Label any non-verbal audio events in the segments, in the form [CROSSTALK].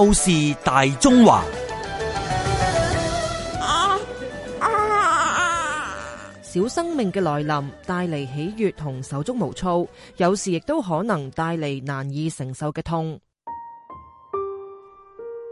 透視大中華，啊啊、小生命嘅來臨帶嚟喜悅同手足無措，有時亦都可能帶嚟難以承受嘅痛。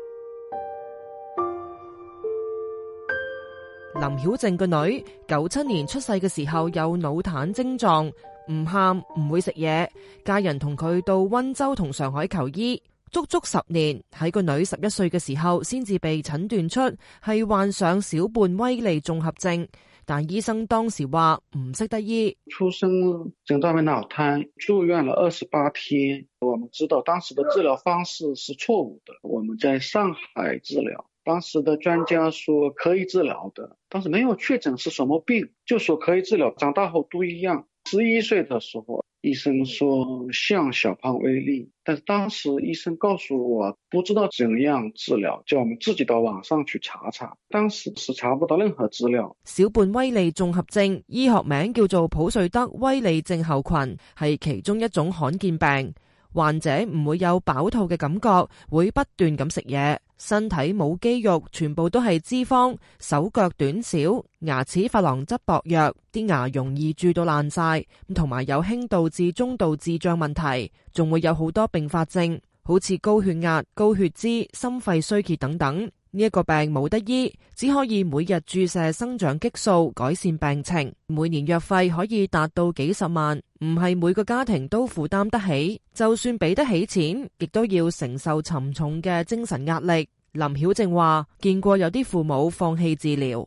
[MUSIC] 林曉靜個女九七年出世嘅時候有腦癱症狀，唔喊唔會食嘢，家人同佢到溫州同上海求醫。足足十年，喺個女十一歲嘅時候，先至被診斷出係患上小胖威利綜合症。但醫生當時話唔識得醫。出生診斷為腦癱，住院了二十八天。我們知道當時的治療方式是錯誤的。我們在上海治療，當時的專家說可以治療的，當時沒有確診是什麼病，就說可以治療。長大後都一樣。十一歲的時候。醫生說「像小胖威利」，但是當時醫生告訴我，不知道怎樣治療，叫我們自己到網上去查查。當時是查不到任何資料。小胖威利綜合症，醫學名叫做普瑞德威利症候群，係其中一種罕見病。患者唔會有飽肚嘅感覺，會不斷咁食嘢。身體冇肌肉，全部都係脂肪，手腳短小，牙齒珐琅質薄弱，啲牙容易蛀到爛晒，同埋有輕度至中度智障問題，仲會有好多併發症，好似高血壓、高血脂、心肺衰竭等等。呢一個病冇得醫，只可以每日注射生長激素改善病情。每年藥費可以達到幾十萬，唔係每個家庭都負擔得起。就算俾得起錢，亦都要承受沉重嘅精神壓力。林曉靜話，見過有啲父母放棄治療。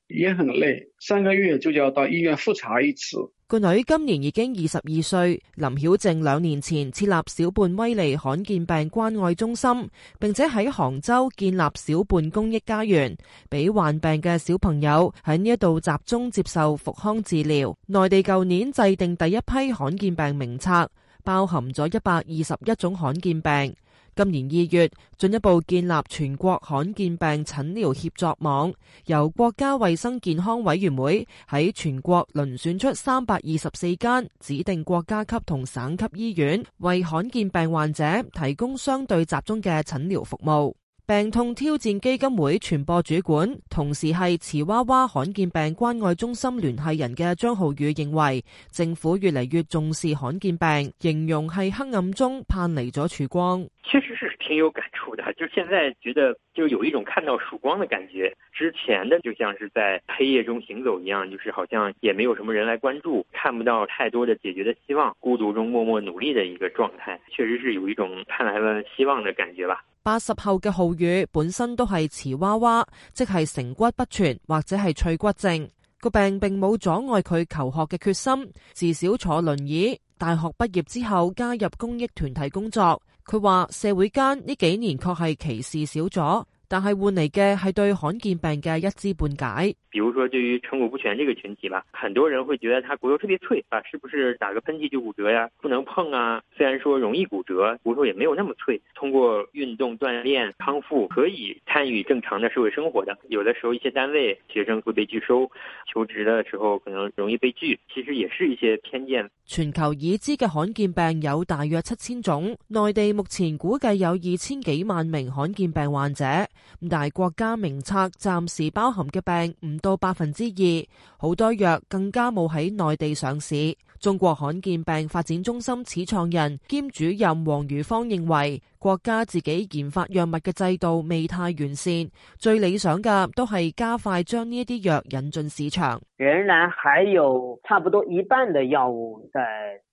也很累，三個月就要到醫院複查一次，個女今年已經二十二歲。林曉靜兩年前設立小半威利罕見病關愛中心，並且喺杭州建立小半公益家園，俾患病嘅小朋友喺呢一度集中接受復康治療。內地舊年制定第一批罕見病名冊，包含咗一百二十一種罕見病。今年二月，進一步建立全國罕見病診療協作網，由國家衛生健康委員會喺全國遴選出三百二十四間指定國家級同省級醫院，為罕見病患者提供相對集中嘅診療服務。病痛挑戰基金會傳播主管，同時係瓷娃娃罕見病關愛中心聯繫人嘅張浩宇認為，政府越嚟越重視罕見病，形容係黑暗中盼嚟咗曙光。確實是挺有感觸的，就現在覺得就有一種看到曙光的感覺。之前呢，就像是在黑夜中行走一樣，就是好像也沒有什麼人來關注，看不到太多的解決的希望，孤獨中默默努力的一個狀態，確實是有一種盼來了希望的感覺吧。八十後嘅浩宇本身都係瓷娃娃，即係成骨不全或者係脆骨症，個病並冇阻礙佢求學嘅決心。自小坐輪椅，大學畢業之後加入公益團體工作。佢話社會間呢幾年確係歧視少咗，但係換嚟嘅係對罕見病嘅一知半解。比如說，對於成骨不全這個群體吧，很多人會覺得他骨頭特別脆啊，是不是打個噴嚏就骨折呀？不能碰啊！雖然說容易骨折，骨頭也沒有那麼脆，通過運動鍛煉康復，可以參與正常的社會生活的。有的時候，一些單位學生會被拒收，求職的時候可能容易被拒。其實也是一些偏見。全球已知嘅罕見病有大約七千種，內地目前估計有二千幾萬名罕見病患者。咁但係國家名冊暫時包含嘅病唔。到百分之二，好多藥更加冇喺內地上市。中國罕見病發展中心始創人兼主任黃如芳認為，國家自己研發藥物嘅制度未太完善，最理想嘅都係加快將呢啲藥引進市場。仍然還有差不多一半的藥物在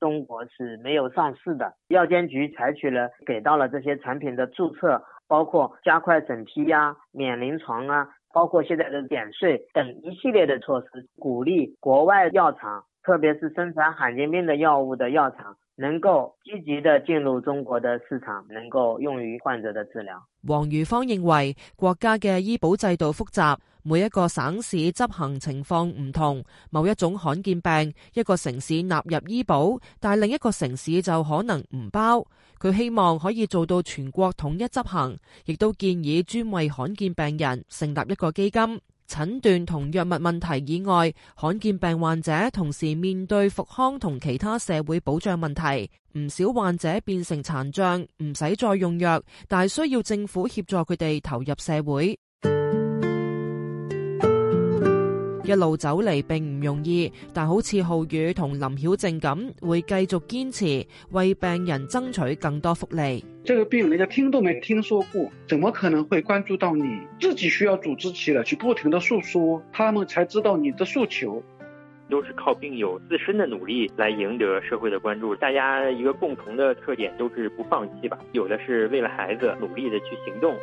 中國是沒有上市的。藥監局採取了給到了這些產品的註冊，包括加快審批呀、免臨床啊。包括現在的減稅等一系列的措施，鼓勵國外藥廠，特別是生產罕見病的藥物的藥廠。能夠積極的進入中國的市場，能夠用於患者的治療。王如芳認為，國家嘅醫保制度複雜，每一個省市執行情況唔同。某一種罕見病，一個城市納入醫保，但另一個城市就可能唔包。佢希望可以做到全國統一執行，亦都建議專為罕見病人成立一個基金。診斷同藥物問題以外，罕見病患者同時面對復康同其他社會保障問題。唔少患者變成殘障，唔使再用藥，但係需要政府協助佢哋投入社會。一路走嚟並唔容易，但好似浩宇同林曉靜咁，會繼續堅持為病人爭取更多福利。這個病人家聽都沒聽說過，怎麼可能會關注到你？自己需要組織起來去不停的訴說，他們才知道你的訴求。都是靠病友自身的努力來贏得社會的關注。大家一個共同的特點，都是不放棄吧。有的是為了孩子努力的去行動。